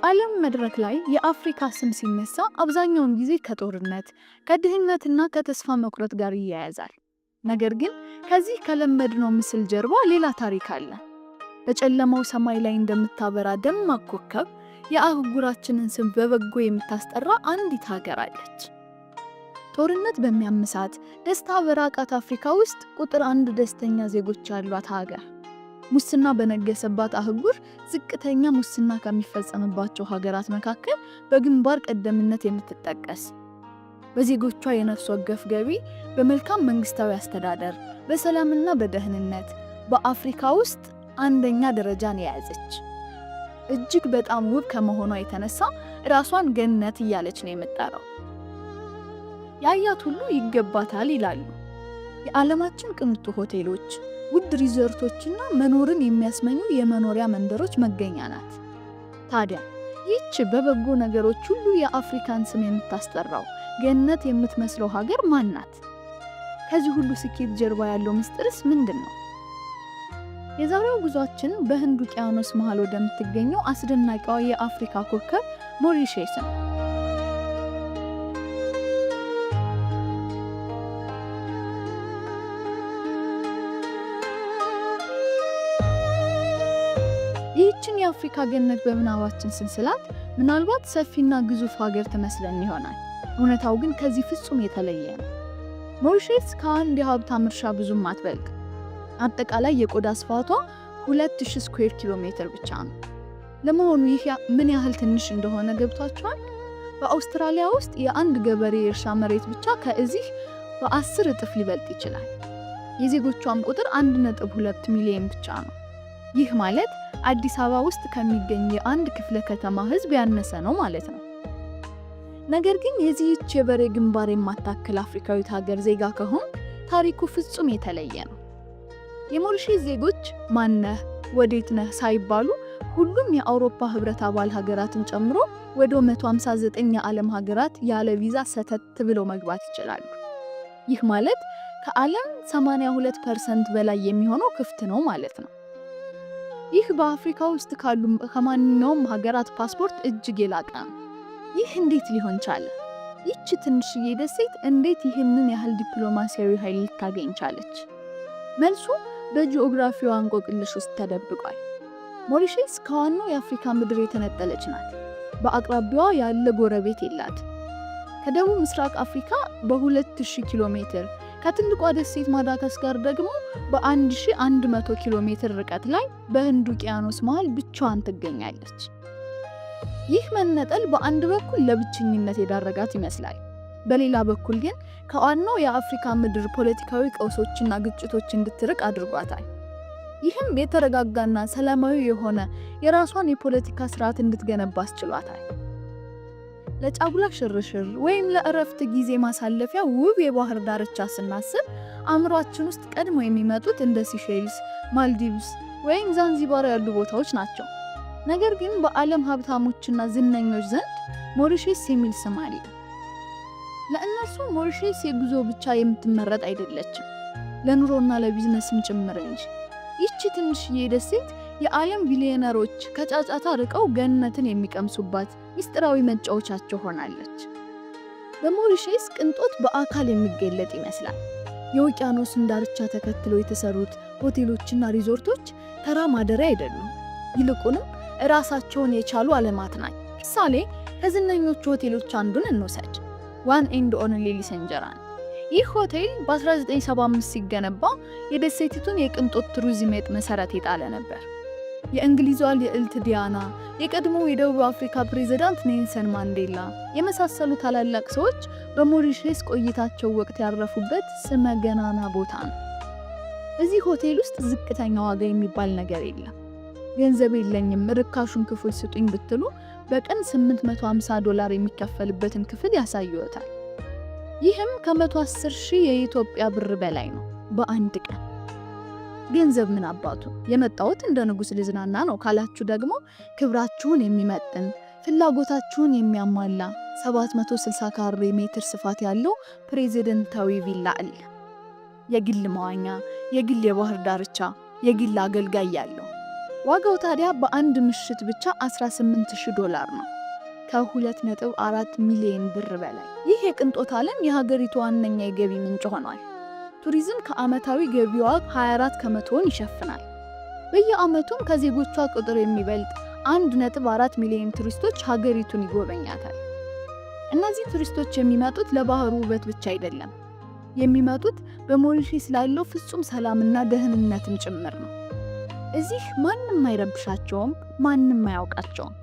በዓለም መድረክ ላይ የአፍሪካ ስም ሲነሳ አብዛኛውን ጊዜ ከጦርነት ከድህነትና ከተስፋ መቁረጥ ጋር ይያያዛል። ነገር ግን ከዚህ ከለመድነው ምስል ጀርባ ሌላ ታሪክ አለ። በጨለማው ሰማይ ላይ እንደምታበራ ደማቅ ኮከብ የአህጉራችንን ስም በበጎ የምታስጠራ አንዲት ሀገር አለች። ጦርነት በሚያምሳት ደስታ በራቃት አፍሪካ ውስጥ ቁጥር አንድ ደስተኛ ዜጎች ያሏት ሀገር ሙስና በነገሰባት አህጉር ዝቅተኛ ሙስና ከሚፈጸምባቸው ሀገራት መካከል በግንባር ቀደምነት የምትጠቀስ በዜጎቿ የነፍስ ወከፍ ገቢ፣ በመልካም መንግስታዊ አስተዳደር፣ በሰላምና በደህንነት በአፍሪካ ውስጥ አንደኛ ደረጃን የያዘች እጅግ በጣም ውብ ከመሆኗ የተነሳ ራሷን ገነት እያለች ነው የምጠራው። ያያት ሁሉ ይገባታል ይላሉ የዓለማችን ቅንጡ ሆቴሎች ውድ ሪዞርቶችና መኖርን የሚያስመኙ የመኖሪያ መንደሮች መገኛ ናት። ታዲያ ይህች በበጎ ነገሮች ሁሉ የአፍሪካን ስም የምታስጠራው ገነት የምትመስለው ሀገር ማን ናት? ከዚህ ሁሉ ስኬት ጀርባ ያለው ምስጢርስ ምንድን ነው? የዛሬው ጉዟችን በህንድ ውቅያኖስ መሃል ወደምትገኘው አስደናቂዋ የአፍሪካ ኮከብ ሞሪሼስ ነው። የአፍሪካ ገነት በምናባችን ስንስላት ምናልባት ሰፊና ግዙፍ ሀገር ትመስለን ይሆናል። እውነታው ግን ከዚህ ፍጹም የተለየ ነው። ሞሪሸስ ከአንድ የሀብታም እርሻ ብዙም ማትበልቅ አጠቃላይ የቆዳ ስፋቷ 2000 ስኩዌር ኪሎ ሜትር ብቻ ነው። ለመሆኑ ይህ ምን ያህል ትንሽ እንደሆነ ገብቷችኋል? በአውስትራሊያ ውስጥ የአንድ ገበሬ የእርሻ መሬት ብቻ ከዚህ በአስር እጥፍ ሊበልጥ ይችላል። የዜጎቿም ቁጥር 1.2 ሚሊዮን ብቻ ነው። ይህ ማለት አዲስ አበባ ውስጥ ከሚገኝ የአንድ ክፍለ ከተማ ህዝብ ያነሰ ነው ማለት ነው። ነገር ግን የዚህች የበሬ ግንባር የማታክል አፍሪካዊት ሀገር ዜጋ ከሆንክ ታሪኩ ፍጹም የተለየ ነው። የሞሪሼስ ዜጎች ማነህ፣ ወዴት ነህ ሳይባሉ ሁሉም የአውሮፓ ህብረት አባል ሀገራትን ጨምሮ ወደ 159 የዓለም ሀገራት ያለ ቪዛ ሰተት ብለው መግባት ይችላሉ። ይህ ማለት ከዓለም 82 ፐርሰንት በላይ የሚሆነው ክፍት ነው ማለት ነው። ይህ በአፍሪካ ውስጥ ካሉ ከማንኛውም ሀገራት ፓስፖርት እጅግ የላቀ ነው። ይህ እንዴት ሊሆን ቻለ? ይቺ ትንሽዬ ደሴት እንዴት ይህንን ያህል ዲፕሎማሲያዊ ኃይል ልታገኝ ቻለች? መልሱ በጂኦግራፊዋ እንቆቅልሽ ውስጥ ተደብቋል። ሞሪሸስ ከዋናው የአፍሪካ ምድር የተነጠለች ናት። በአቅራቢያዋ ያለ ጎረቤት የላት። ከደቡብ ምስራቅ አፍሪካ በ2000 ኪሎ ሜትር ከትልቋ ደሴት ማዳጋስካር ደግሞ በ1100 ኪሎ ሜትር ርቀት ላይ በህንድ ውቅያኖስ መሃል ብቻዋን ትገኛለች። ይህ መነጠል በአንድ በኩል ለብቸኝነት የዳረጋት ይመስላል። በሌላ በኩል ግን ከዋናው የአፍሪካ ምድር ፖለቲካዊ ቀውሶችና ግጭቶች እንድትርቅ አድርጓታል። ይህም የተረጋጋና ሰላማዊ የሆነ የራሷን የፖለቲካ ስርዓት እንድትገነባ አስችሏታል። ለጫጉላ ሽርሽር ወይም ለእረፍት ጊዜ ማሳለፊያ ውብ የባህር ዳርቻ ስናስብ አእምሯችን ውስጥ ቀድሞ የሚመጡት እንደ ሲሼልስ፣ ማልዲቭስ ወይም ዛንዚባር ያሉ ቦታዎች ናቸው። ነገር ግን በዓለም ሀብታሞችና ዝነኞች ዘንድ ሞሪሼስ የሚል ስም አለ። ለእነሱ ሞሪሼስ የጉዞ ብቻ የምትመረጥ አይደለችም፣ ለኑሮና ለቢዝነስም ጭምር እንጂ። ይቺ ትንሽዬ ደሴት የዓለም ቢሊዮነሮች ከጫጫታ ርቀው ገነትን የሚቀምሱባት ሚስጥራዊ መጫወቻቸው ሆናለች። በሞሪሼስ ቅንጦት በአካል የሚገለጥ ይመስላል። የውቅያኖስን ዳርቻ ተከትሎ የተሰሩት ሆቴሎችና ሪዞርቶች ተራ ማደሪያ አይደሉም። ይልቁንም እራሳቸውን የቻሉ ዓለማት ናቸው። ምሳሌ ከዝነኞቹ ሆቴሎች አንዱን እንውሰድ፣ ዋን ኤንድ ኦንሊ ሊሰንጀራን። ይህ ሆቴል በ1975 ሲገነባ የደሴቲቱን የቅንጦት ቱሪዝም መሰረት የጣለ ነበር። የእንግሊዟ ልዕልት ዲያና፣ የቀድሞ የደቡብ አፍሪካ ፕሬዝዳንት ኔልሰን ማንዴላ የመሳሰሉ ታላላቅ ሰዎች በሞሪሼስ ቆይታቸው ወቅት ያረፉበት ስመ ገናና ቦታ ነው። እዚህ ሆቴል ውስጥ ዝቅተኛ ዋጋ የሚባል ነገር የለም። ገንዘብ የለኝም ርካሹን ክፍል ስጡኝ ብትሉ በቀን 850 ዶላር የሚከፈልበትን ክፍል ያሳይዎታል። ይህም ከ110 ሺህ የኢትዮጵያ ብር በላይ ነው በአንድ ቀን። ገንዘብ ምን አባቱ የመጣሁት እንደ ንጉስ ልዝናና ነው ካላችሁ ደግሞ ክብራችሁን የሚመጥን ፍላጎታችሁን የሚያሟላ 760 ካሬ ሜትር ስፋት ያለው ፕሬዚደንታዊ ቪላ አለ። የግል መዋኛ፣ የግል የባህር ዳርቻ፣ የግል አገልጋይ ያለው። ዋጋው ታዲያ በአንድ ምሽት ብቻ 18000 ዶላር ነው፣ ከ2.4 ሚሊዮን ብር በላይ። ይህ የቅንጦት ዓለም የሀገሪቱ ዋነኛ የገቢ ምንጭ ሆኗል። ቱሪዝም ከዓመታዊ ገቢዋ 24 ከመቶውን ይሸፍናል። በየዓመቱም ከዜጎቿ ቁጥር የሚበልጥ 1.4 ሚሊዮን ቱሪስቶች ሀገሪቱን ይጎበኛታል። እነዚህ ቱሪስቶች የሚመጡት ለባህሩ ውበት ብቻ አይደለም። የሚመጡት በሞሪሸስ ላለው ፍጹም ሰላምና ደህንነትም ጭምር ነው። እዚህ ማንም አይረብሻቸውም፣ ማንም አያውቃቸውም።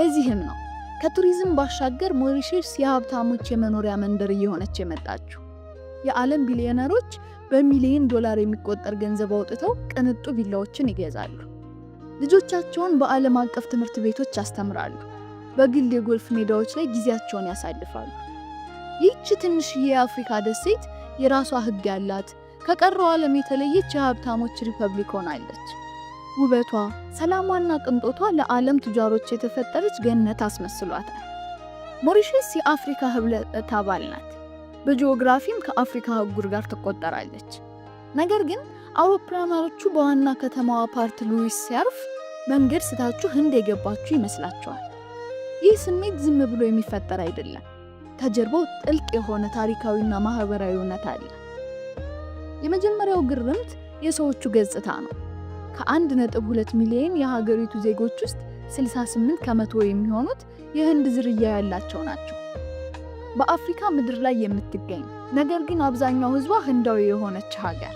ለዚህም ነው ከቱሪዝም ባሻገር ሞሪሸስ የሀብታሞች የመኖሪያ መንደር እየሆነች የመጣችው። የዓለም ቢሊዮነሮች በሚሊዮን ዶላር የሚቆጠር ገንዘብ አውጥተው ቅንጡ ቪላዎችን ይገዛሉ። ልጆቻቸውን በዓለም አቀፍ ትምህርት ቤቶች ያስተምራሉ። በግል የጎልፍ ሜዳዎች ላይ ጊዜያቸውን ያሳልፋሉ። ይህች ትንሽዬ የአፍሪካ ደሴት የራሷ ሕግ ያላት ከቀረው ዓለም የተለየች የሀብታሞች ሪፐብሊክ ሆናለች። ውበቷ፣ ሰላሟና ቅንጦቷ ለዓለም ቱጃሮች የተፈጠረች ገነት አስመስሏታል። ሞሪሸስ የአፍሪካ ህብለት አባል ናት። በጂኦግራፊም ከአፍሪካ አህጉር ጋር ትቆጠራለች። ነገር ግን አውሮፕላኖቹ በዋና ከተማዋ ፓርት ሉዊስ ሲያርፍ መንገድ ስታችሁ ህንድ የገባችሁ ይመስላችኋል። ይህ ስሜት ዝም ብሎ የሚፈጠር አይደለም። ከጀርባው ጥልቅ የሆነ ታሪካዊና ማህበራዊ እውነት አለ። የመጀመሪያው ግርምት የሰዎቹ ገጽታ ነው። ከ1.2 ሚሊዮን የሀገሪቱ ዜጎች ውስጥ 68 ከመቶ የሚሆኑት የህንድ ዝርያ ያላቸው ናቸው። በአፍሪካ ምድር ላይ የምትገኝ ነገር ግን አብዛኛው ህዝቧ ህንዳዊ የሆነች ሀገር።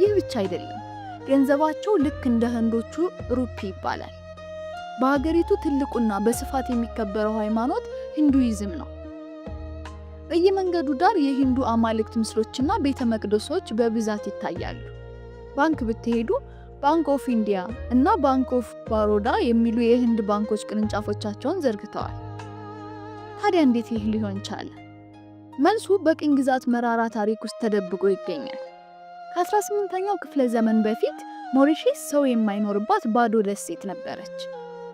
ይህ ብቻ አይደለም፣ ገንዘባቸው ልክ እንደ ህንዶቹ ሩፒ ይባላል። በሀገሪቱ ትልቁና በስፋት የሚከበረው ሃይማኖት ሂንዱይዝም ነው። በየመንገዱ ዳር የሂንዱ አማልክት ምስሎችና ቤተ መቅደሶች በብዛት ይታያሉ። ባንክ ብትሄዱ ባንክ ኦፍ ኢንዲያ እና ባንክ ኦፍ ባሮዳ የሚሉ የህንድ ባንኮች ቅርንጫፎቻቸውን ዘርግተዋል። ታዲያ እንዴት ይህ ሊሆን ቻለ? መልሱ በቅኝ ግዛት መራራ ታሪክ ውስጥ ተደብቆ ይገኛል። ከ18ኛው ክፍለ ዘመን በፊት ሞሪሺስ ሰው የማይኖርባት ባዶ ደሴት ነበረች።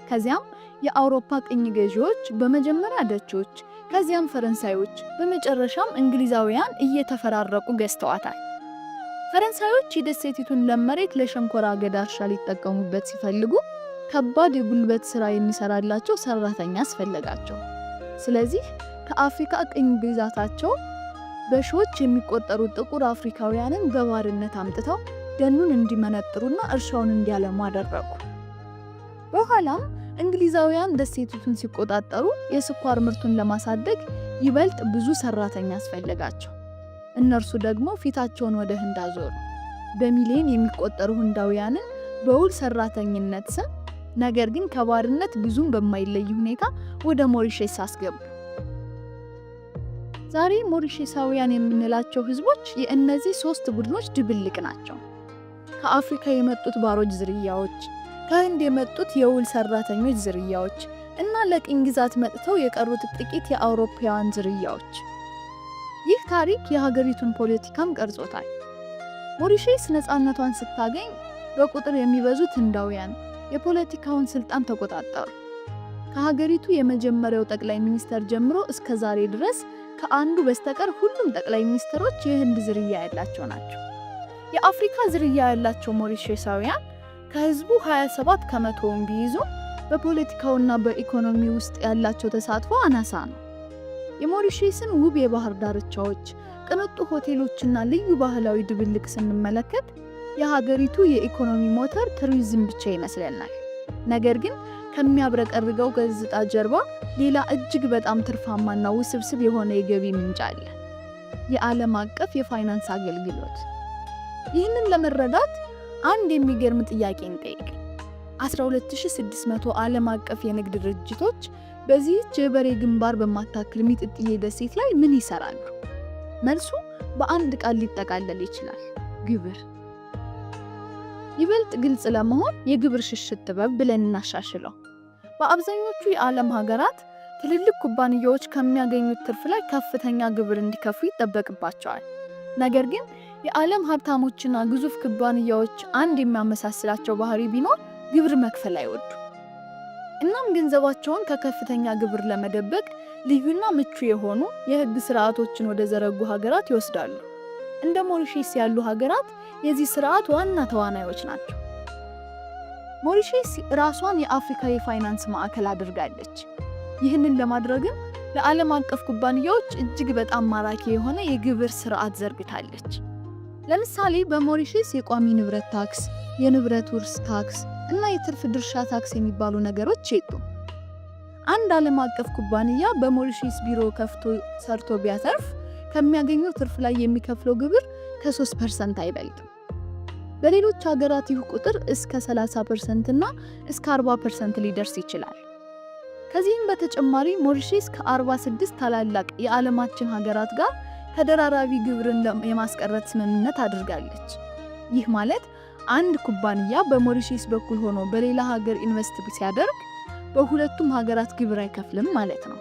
ከዚያም የአውሮፓ ቅኝ ገዢዎች፣ በመጀመሪያ ደቾች፣ ከዚያም ፈረንሳዮች፣ በመጨረሻም እንግሊዛውያን እየተፈራረቁ ገዝተዋታል። ፈረንሳዮች የደሴቲቱን ለመሬት ለሸንኮራ አገዳ እርሻ ሊጠቀሙበት ሲፈልጉ ከባድ የጉልበት ሥራ የሚሰራላቸው ሰራተኛ አስፈለጋቸው። ስለዚህ ከአፍሪካ ቅኝ ግዛታቸው በሺዎች የሚቆጠሩ ጥቁር አፍሪካውያንን በባርነት አምጥተው ደኑን እንዲመነጥሩና እርሻውን እንዲያለሙ አደረጉ። በኋላም እንግሊዛውያን ደሴቲቱን ሲቆጣጠሩ የስኳር ምርቱን ለማሳደግ ይበልጥ ብዙ ሰራተኛ አስፈለጋቸው። እነርሱ ደግሞ ፊታቸውን ወደ ህንድ አዞሩ። በሚሊዮን የሚቆጠሩ ህንዳውያንን በውል ሰራተኝነት ስም ነገር ግን ከባርነት ብዙም በማይለይ ሁኔታ ወደ ሞሪሼስ አስገቡ። ዛሬ ሞሪሼሳውያን የምንላቸው ህዝቦች የእነዚህ ሶስት ቡድኖች ድብልቅ ናቸው። ከአፍሪካ የመጡት ባሮች ዝርያዎች፣ ከህንድ የመጡት የውል ሰራተኞች ዝርያዎች እና ለቅኝ ግዛት መጥተው የቀሩት ጥቂት የአውሮፓውያን ዝርያዎች። ይህ ታሪክ የሀገሪቱን ፖለቲካም ቀርጾታል። ሞሪሼስ ነፃነቷን ስታገኝ በቁጥር የሚበዙት ህንዳውያን የፖለቲካውን ስልጣን ተቆጣጠሩ። ከሀገሪቱ የመጀመሪያው ጠቅላይ ሚኒስተር ጀምሮ እስከ ዛሬ ድረስ ከአንዱ በስተቀር ሁሉም ጠቅላይ ሚኒስተሮች የህንድ ዝርያ ያላቸው ናቸው። የአፍሪካ ዝርያ ያላቸው ሞሪሼሳውያን ከህዝቡ 27 ከመቶውን ቢይዙ በፖለቲካውና በኢኮኖሚ ውስጥ ያላቸው ተሳትፎ አናሳ ነው። የሞሪሼስን ውብ የባህር ዳርቻዎች፣ ቅንጡ ሆቴሎችና ልዩ ባህላዊ ድብልቅ ስንመለከት የሀገሪቱ የኢኮኖሚ ሞተር ቱሪዝም ብቻ ይመስለናል። ነገር ግን ከሚያብረቀርገው ገጽታ ጀርባ ሌላ እጅግ በጣም ትርፋማና ውስብስብ የሆነ የገቢ ምንጭ አለ፤ የዓለም አቀፍ የፋይናንስ አገልግሎት። ይህንን ለመረዳት አንድ የሚገርም ጥያቄ እንጠይቅ። 12600 ዓለም አቀፍ የንግድ ድርጅቶች በዚህች የበሬ ግንባር በማታክል ሚጥጥዬ ደሴት ላይ ምን ይሰራሉ? መልሱ በአንድ ቃል ሊጠቃለል ይችላል፤ ግብር። ይበልጥ ግልጽ ለመሆን የግብር ሽሽት ጥበብ ብለን እናሻሽለው። በአብዛኞቹ የዓለም ሀገራት ትልልቅ ኩባንያዎች ከሚያገኙት ትርፍ ላይ ከፍተኛ ግብር እንዲከፍሉ ይጠበቅባቸዋል። ነገር ግን የዓለም ሀብታሞችና ግዙፍ ኩባንያዎች አንድ የሚያመሳስላቸው ባህሪ ቢኖር ግብር መክፈል አይወዱ። እናም ገንዘባቸውን ከከፍተኛ ግብር ለመደበቅ ልዩና ምቹ የሆኑ የህግ ስርዓቶችን ወደ ዘረጉ ሀገራት ይወስዳሉ። እንደ ሞሪሼስ ያሉ ሀገራት የዚህ ስርዓት ዋና ተዋናዮች ናቸው። ሞሪሼስ ራሷን የአፍሪካ የፋይናንስ ማዕከል አድርጋለች። ይህንን ለማድረግም ለዓለም አቀፍ ኩባንያዎች እጅግ በጣም ማራኪ የሆነ የግብር ስርዓት ዘርግታለች። ለምሳሌ በሞሪሼስ የቋሚ ንብረት ታክስ፣ የንብረት ውርስ ታክስ እና የትርፍ ድርሻ ታክስ የሚባሉ ነገሮች የሉም። አንድ ዓለም አቀፍ ኩባንያ በሞሪሼስ ቢሮ ከፍቶ ሰርቶ ቢያተርፍ ከሚያገኘው ትርፍ ላይ የሚከፍለው ግብር ከ3 ፐርሰንት አይበልጥም። በሌሎች ሀገራት ይህ ቁጥር እስከ 30 ፐርሰንት እና እስከ 40 ፐርሰንት ሊደርስ ይችላል። ከዚህም በተጨማሪ ሞሪሼስ ከ46 ታላላቅ የዓለማችን ሀገራት ጋር ተደራራቢ ግብርን የማስቀረት ስምምነት አድርጋለች። ይህ ማለት አንድ ኩባንያ በሞሪሼስ በኩል ሆኖ በሌላ ሀገር ኢንቨስት ሲያደርግ በሁለቱም ሀገራት ግብር አይከፍልም ማለት ነው።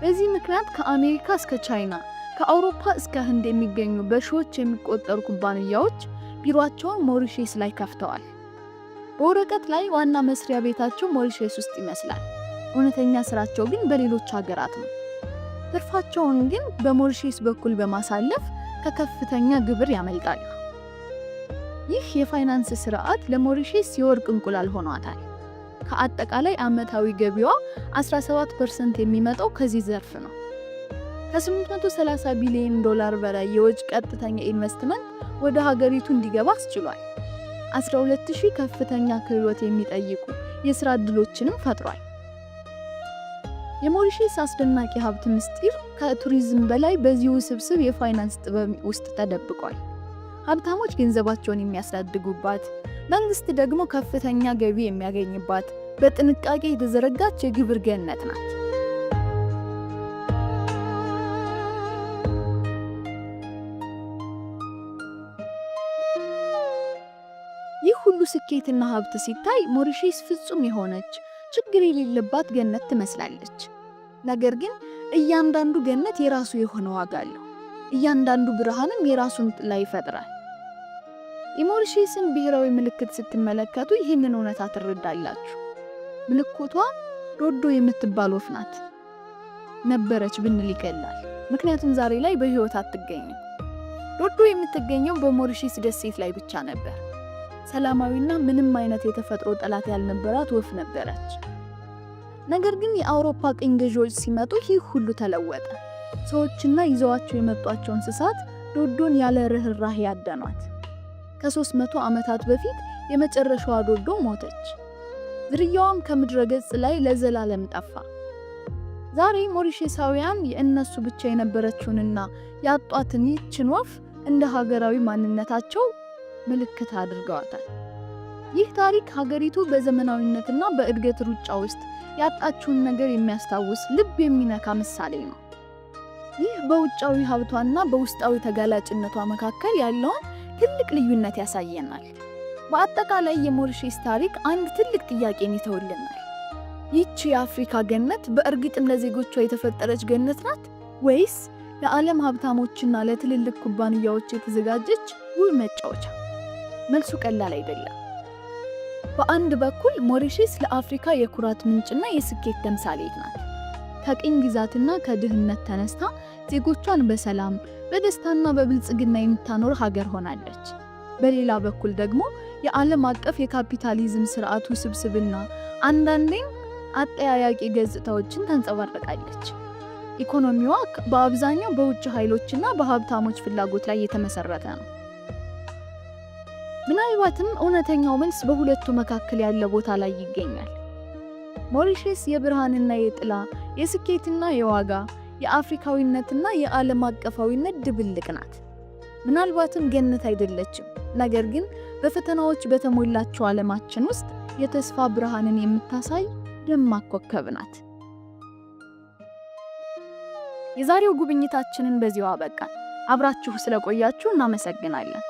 በዚህ ምክንያት ከአሜሪካ እስከ ቻይና ከአውሮፓ እስከ ህንድ የሚገኙ በሺዎች የሚቆጠሩ ኩባንያዎች ቢሮቸውን ሞሪሼስ ላይ ከፍተዋል። በወረቀት ላይ ዋና መስሪያ ቤታቸው ሞሪሼስ ውስጥ ይመስላል። እውነተኛ ስራቸው ግን በሌሎች ሀገራት ነው። ትርፋቸውን ግን በሞሪሼስ በኩል በማሳለፍ ከከፍተኛ ግብር ያመልጣሉ። ይህ የፋይናንስ ስርዓት ለሞሪሼስ የወርቅ እንቁላል ሆኗታል። ከአጠቃላይ ዓመታዊ ገቢዋ 17 ፐርሰንት የሚመጣው ከዚህ ዘርፍ ነው። ከ830 ቢሊዮን ዶላር በላይ የውጭ ቀጥተኛ ኢንቨስትመንት ወደ ሀገሪቱ እንዲገባ አስችሏል። 12000 ከፍተኛ ክህሎት የሚጠይቁ የስራ ዕድሎችንም ፈጥሯል። የሞሪሽስ አስደናቂ ሀብት ምስጢር ከቱሪዝም በላይ በዚሁ ውስብስብ የፋይናንስ ጥበብ ውስጥ ተደብቋል። ሀብታሞች ገንዘባቸውን የሚያሳድጉባት፣ መንግስት ደግሞ ከፍተኛ ገቢ የሚያገኝባት በጥንቃቄ የተዘረጋች የግብር ገነት ናት። ስኬትና ሀብት ሲታይ ሞሪሼስ ፍጹም የሆነች ችግር የሌለባት ገነት ትመስላለች። ነገር ግን እያንዳንዱ ገነት የራሱ የሆነ ዋጋ አለው። እያንዳንዱ ብርሃንም የራሱን ጥላ ይፈጥራል። የሞሪሼስን ብሔራዊ ምልክት ስትመለከቱ ይህንን እውነታ ትረዳላችሁ። ምልክቷ ዶዶ የምትባል ወፍ ናት። ነበረች ብንል ይገላል ምክንያቱም ዛሬ ላይ በሕይወት አትገኝም። ዶዶ የምትገኘው በሞሪሼስ ደሴት ላይ ብቻ ነበር። ሰላማዊና ምንም አይነት የተፈጥሮ ጠላት ያልነበራት ወፍ ነበረች። ነገር ግን የአውሮፓ ቅኝ ገዢዎች ሲመጡ ይህ ሁሉ ተለወጠ። ሰዎችና ይዘዋቸው የመጧቸው እንስሳት ዶዶን ያለ ርህራህ ያደኗት። ከሶስት መቶ ዓመታት በፊት የመጨረሻዋ ዶዶ ሞተች። ዝርያዋም ከምድረ ገጽ ላይ ለዘላለም ጠፋ። ዛሬ ሞሪሼሳውያን የእነሱ ብቻ የነበረችውንና ያጧትን ይችን ወፍ እንደ ሀገራዊ ማንነታቸው ምልክት አድርገዋታል። ይህ ታሪክ ሀገሪቱ በዘመናዊነትና በእድገት ሩጫ ውስጥ ያጣችውን ነገር የሚያስታውስ ልብ የሚነካ ምሳሌ ነው። ይህ በውጫዊ ሀብቷና በውስጣዊ ተጋላጭነቷ መካከል ያለውን ትልቅ ልዩነት ያሳየናል። በአጠቃላይ የሞሪሼስ ታሪክ አንድ ትልቅ ጥያቄን ይተውልናል። ይህች የአፍሪካ ገነት በእርግጥም ለዜጎቿ የተፈጠረች ገነት ናት ወይስ ለዓለም ሀብታሞችና ለትልልቅ ኩባንያዎች የተዘጋጀች ውብ መጫወቻ? መልሱ ቀላል አይደለም። በአንድ በኩል ሞሪሸስ ለአፍሪካ የኩራት ምንጭና የስኬት ተምሳሌት ናት። ከቅኝ ግዛትና ከድህነት ተነስታ ዜጎቿን በሰላም በደስታና በብልጽግና የምታኖር ሀገር ሆናለች። በሌላ በኩል ደግሞ የዓለም አቀፍ የካፒታሊዝም ስርዓት ውስብስብና አንዳንዴም አጠያያቂ ገጽታዎችን ታንጸባርቃለች። ኢኮኖሚዋ በአብዛኛው በውጭ ኃይሎችና በሀብታሞች ፍላጎት ላይ የተመሰረተ ነው። ምናልባትም እውነተኛው መልስ በሁለቱ መካከል ያለ ቦታ ላይ ይገኛል። ሞሪሸስ የብርሃንና የጥላ የስኬትና የዋጋ የአፍሪካዊነትና የዓለም አቀፋዊነት ድብልቅ ናት። ምናልባትም ገነት አይደለችም፣ ነገር ግን በፈተናዎች በተሞላቸው ዓለማችን ውስጥ የተስፋ ብርሃንን የምታሳይ ደማቅ ኮከብ ናት። የዛሬው ጉብኝታችንን በዚሁ አበቃ። አብራችሁ ስለቆያችሁ እናመሰግናለን።